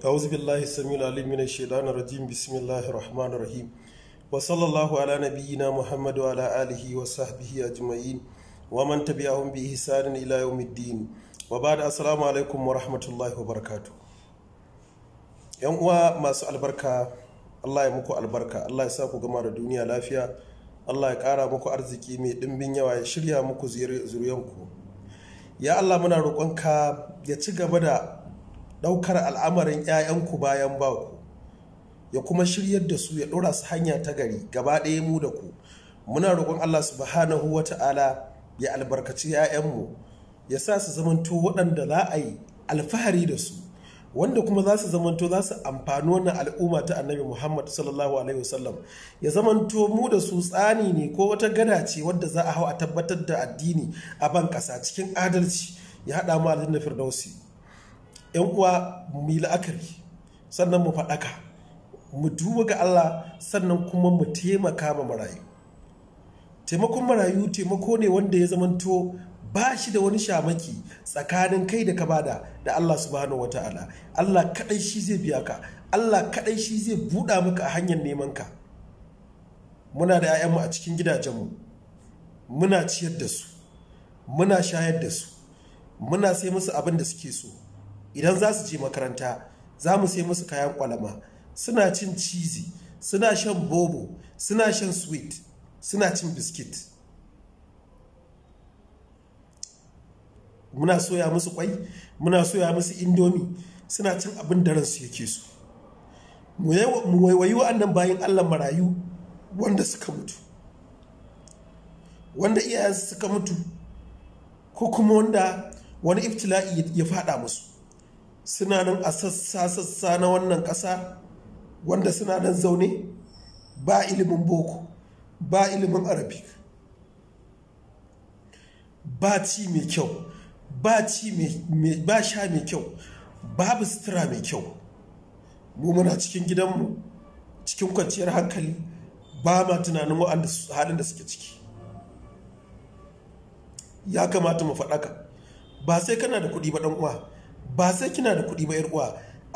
ta'uzu billahi samiyu lalim yana shaidanar rajim bismillahi rahmanu rahim wa ala nabi na muhammadu ala alihi wa sahbihi a jima'i wa manta biya hun bi isa da na ilayen middini wa da asalamu alaikum wa rahmatullahi wa barakatu yan uwa masu albarka allah ya muku albarka allah ya sa ku gama da duniya lafiya allah ya kara muku arziki mai dimbin yawa ya shirya muku ya allah muna ya ci gaba da ɗaukar al'amarin 'ya'yanku bayan baku ya kuma shiryar da su ya ɗora su hanya ta gari gaba ɗaya mu da ku muna roƙon allah subhanahu wa ta'ala ya albarkaci 'ya'yanmu ya sa su zamanto waɗanda za a yi alfahari da su wanda kuma za su zamanto za su amfani wannan al'umma ta annabi muhammad sallallahu alaihi wasallam ya zamanto mu da su tsani ne ko wata gada ce wadda za a hau a tabbatar da addini a ban ƙasa cikin adalci ya haɗa mu aljanna firdausi yan uwa mu yi la'akari sannan mu faɗaka mu duba ga Allah sannan kuma mu taimaka ma marayu taimakon marayu taimako ne wanda ya zamanto ba shi da wani shamaki tsakanin kai da ka bada da Allah subhanahu wa ta'ala Allah kaɗai shi zai biya ka Allah kaɗai shi zai buɗa maka a hanyar neman ka muna da 'ya'yanmu a cikin gidajenmu muna ciyar da su muna shayar da su muna sai musu abin da suke so idan za su je makaranta za mu sai musu kayan kwalama suna cin cizi suna shan bobo suna shan sweet suna cin biskit muna soya musu kwai muna soya musu indomi suna cin abin da ransu yake so mu waiwayi wa'annan bayan allah marayu wanda suka mutu wanda iyayensu suka mutu ko kuma wanda wani iftila'i ya fada musu suna nan a sassa-sassa na wannan ƙasa wanda suna nan zaune ba ilimin boko ba ilimin arabic ba ci mai kyau ba ci ba sha mai kyau babu sutura mai kyau mu muna cikin gidanmu cikin kwanciyar hankali ba ma tunanin waɗanda halin da suke ciki ya kamata mu faɗaka ba sai kana da kuɗi ba ɗan uwa ba sai kina da kuɗi ba yar uwa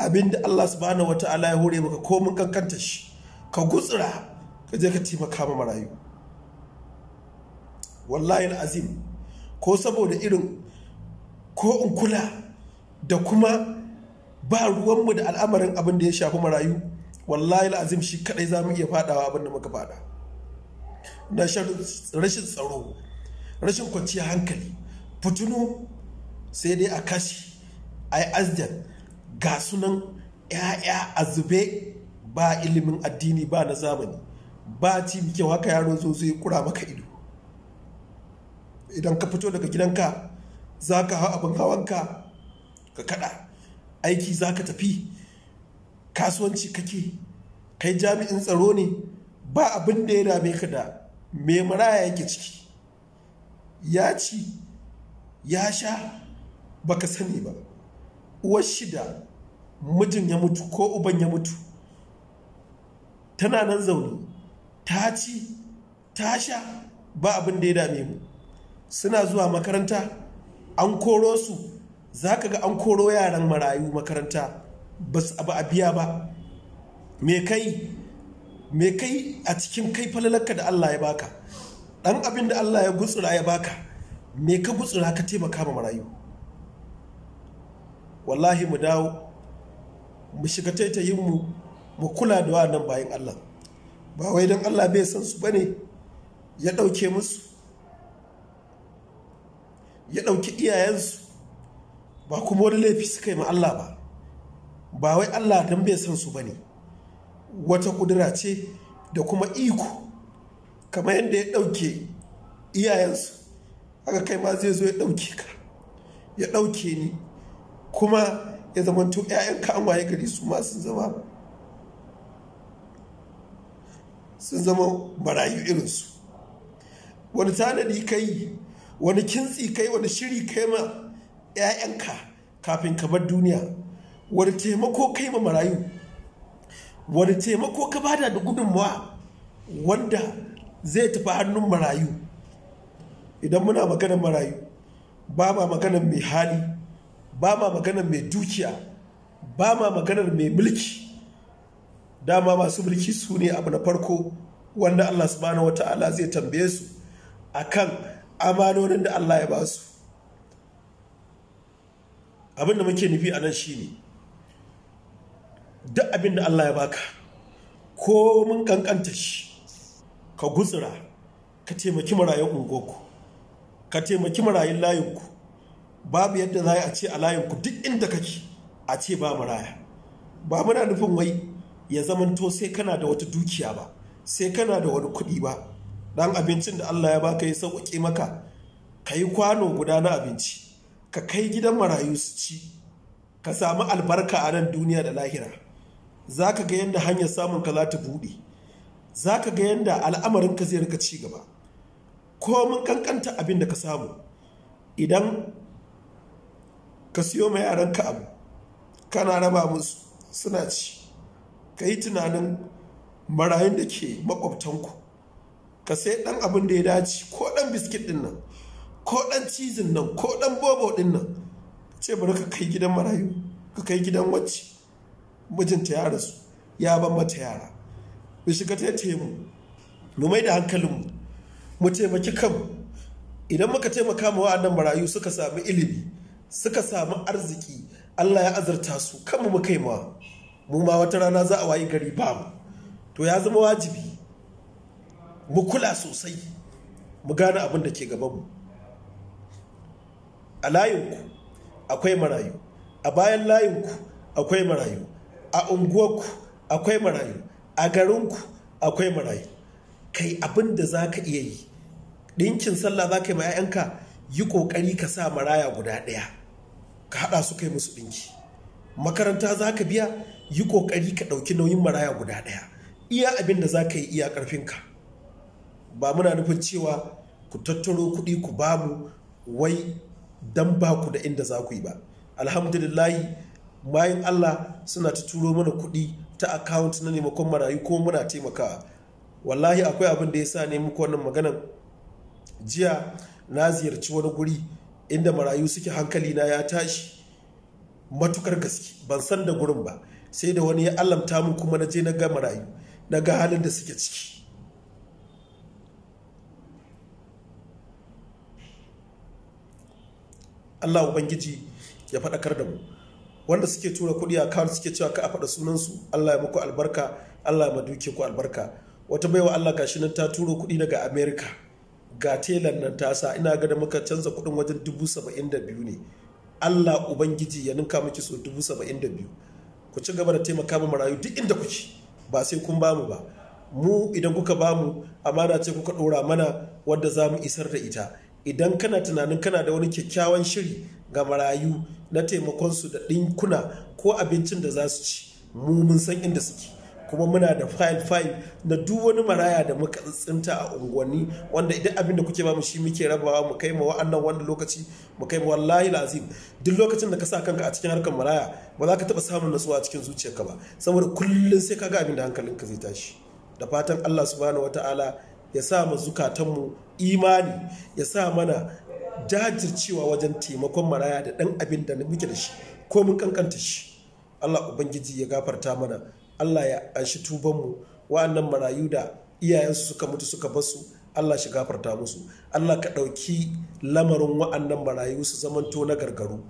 abinda Allah subhanahu ta'ala ya hore maka ko mun kankanta shi ka gutsura ka je ka taimaka ma marayu wallahi azim ko saboda irin ko in kula da kuma ba ruwan mu da al'amarin abin da ya shafi marayu wallahi azim shi kadai za mu iya fadawa abin da muka fada na rashin tsaro rashin kwanciyar hankali fitinu sai dai a kashi ai azdan ga sunan ya'ya a zube ba ilimin addini ba na zamani ba ci kyau haka yaro zo zai kura maka ido idan ka fito daga gidanka za ka hau abin hawanka ka kada aiki za ka tafi kasuwanci kake kai jami'in tsaro ne ba abin da ya dame ka da mai maraya yake ciki ya ci ya sha baka sani ba uwar shida mijin ya mutu ko uban ya mutu tana nan zaune ta ci ta sha ba abin da ya dame mu suna zuwa makaranta an koro su za ka ga an koro yaran marayu makaranta ba su a biya ba me kai me kai a cikin kai falalarka da Allah ya baka dan abin da Allah ya gutsura ya baka me ka gutsura ka taimaka ma marayu wallahi mu dawo mu shiga taitayin mu mu kula da wannan bayan Allah ba wai don Allah bai san su bane ya ɗauke musu ya ɗauki iyayensu ba kuma wani laifi suka yi ma Allah ba ba wai Allah don bai san su bane wata kudura ce da kuma iko kamar yadda ya ɗauke iyayensu haka kai ma zai zo ya ɗauke ka ya ɗauke ni kuma ya zama to 'ya'yanka an waye gari su ma sun zama sun zama barayu irinsu wani tanadi kai wani kintsi kai wani shiri kai ma 'ya'yanka kafin ka bar duniya wani taimako kai ma marayu wani taimako ka bada da gudunmawa wanda zai tafi hannun marayu idan muna maganar marayu ba ma maganar mai hali ba ma maganar mai dukiya ba ma maganar mai mulki dama masu mulki su ne abu na farko wanda Allah subhanahu wa ta'ala zai tambaye su A kan amanonin da Allah ya ba su abin da muke nufi a nan shi ne. duk abinda da Allah ya baka ko mun kankanta shi ka gutsura ka taimaki marayun ungoku ka taimaki marayun layinku babu yadda za a ce a layinku duk inda kake a ce ba maraya ba muna nufin wai ya zamanto sai kana da wata dukiya ba sai kana da wani kuɗi ba ɗan abincin da Allah ya baka ya sauƙaƙe maka ka yi kwano guda na abinci ka kai gidan marayu su ci ka samu albarka a nan duniya da lahira za ka ga yadda hanyar samun ka za ta buɗe za ka ga yadda al'amarinka zai rika ci gaba ko mun kankanta abin da ka samu idan ka siyo ma yaranka abu kana raba musu suna ci ka yi tunanin marayun da ke makwabtanku ka sai ɗan abin da ya dace ko ɗan biskit din nan ko ɗan cizin nan ko ɗan bobo din nan ce bari ka kai gidan marayu ka kai gidan wacce mijinta ya rasu ya ban mata yara mu shiga taitaye mu mu mai da hankalinmu mu taimaki kan idan muka taimaka mu wa'annan marayu suka sami ilimi suka samu arziki Allah ya azurta su kanmu mu kai ma mu ma wata rana za a wayi gari ba mu to ya zama wajibi mu kula sosai mu gane abin da ke gabanmu a layinku akwai marayu a bayan layinku akwai marayu a unguwarku akwai marayu a garinku akwai marayu kai abin da za ka iya yi ɗinkin sallah za ka yi ma 'ya'yanka yi ƙoƙari ka sa maraya guda ɗaya ka haɗa su kai musu ɗinki makaranta za ka biya yi ƙoƙari ka ɗauki nauyin maraya guda ɗaya iya abin da za ka yi iya ƙarfinka ba muna nufin cewa ku tattaro kuɗi ku babu wai dan ba ku da inda za ku yi ba alhamdulillahi bayan allah suna ta turo mana kuɗi ta akawunt na nemakon marayu ko muna taimakawa wallahi akwai abin da ya sa ne muku wannan maganan jiya na ziyarci wani guri inda marayu suke hankali na ya tashi matukar gaske ban san da gurin ba sai da wani ya alamta mu kuma na je na ga marayu na ga halin da suke ciki Allah Ubangiji ya faɗakar da mu wanda suke tura kuɗi a kan suke cewa ka a faɗa sunansu Allah ya muku albarka Allah ya maduke ku albarka wata baiwa Allah gashi nan ta turo kuɗi daga America ga telan nan tasa ina ga muka canza kuɗin wajen dubu saba'in da biyu ne allah ubangiji ya ninka miki so dubu saba'in da biyu ku ci gaba da taimaka mu marayu duk inda ku ci ba sai kun bamu ba mu idan kuka bamu amana ce kuka ɗora mana wadda za mu isar da ita idan kana tunanin kana da wani kyakkyawan shiri ga marayu na taimakon su da ɗinkuna ko abincin da za su ci mu mun san inda suke kuma muna da file file na duk wani maraya da muka tsinta a unguwanni wanda idan abin da kuke ba mu shi muke rabawa mu kai ma wa'annan wani lokaci mu kai ma wallahi lazim duk lokacin da ka sa kanka a cikin harkar maraya ba za ka taba samun nutsuwa a cikin zuciyarka ba saboda kullum sai ka ga abin da ka zai tashi da fatan Allah subhanahu wataala ya sa mu zukatanmu imani ya sa mana jajircewa wajen taimakon maraya da ɗan abin da muke da shi ko mun kankanta shi Allah Ubangiji ya gafarta mana Allah ya anshi mu wa'annan marayu da iyayensu suka mutu suka basu Allah shi gafarta musu Allah ka ɗauki lamarin wa'annan marayu su zamanto na gargaru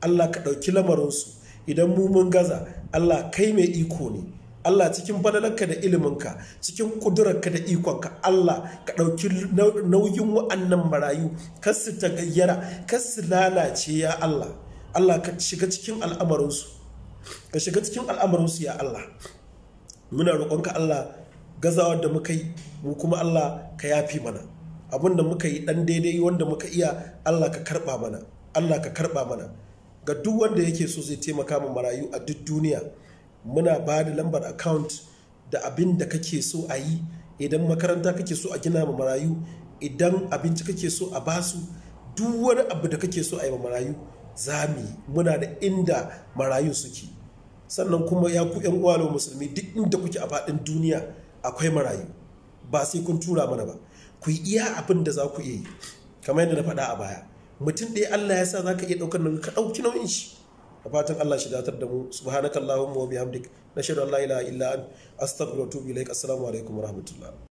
Allah ka ɗauki lamarinsu idan mu mun gaza Allah kai mai iko ne Allah cikin fadalarka da iliminka cikin kudurarka da ikonka Allah ka ɗauki nauyin wa'annan marayu kar su tagayyara kar su lalace ya Allah Allah ka shiga cikin al'amarinsu ka shiga cikin al'amarinsu ya Allah muna roƙonka Allah gazawar da muka yi mu kuma Allah ka yafi mana abin da muka yi ɗan daidai wanda muka iya Allah ka karɓa mana Allah ka karɓa mana ga duk wanda yake so zai taimaka mu marayu a duk duniya muna ba da lambar account da abin da kake so a yi idan makaranta kake so a gina ma marayu idan abinci kake so a basu duk wani abu da kake so a yi ma marayu za mu muna da inda marayu suke sannan kuma ya ku yan uwa musulmi duk inda kuke a faɗin duniya akwai marayu ba sai kun tura mana ba ku yi iya abin da za ku iya yi kamar yadda na faɗa a baya mutum ɗaya Allah ya sa za ka iya ɗaukar nan ka ɗauki nauyin shi a fatan Allah shi datar da mu subhanakallahumma wa bihamdik nashhadu an la ilaha illa anta astaghfiruka wa atubu ilaik assalamu alaikum wa rahmatullah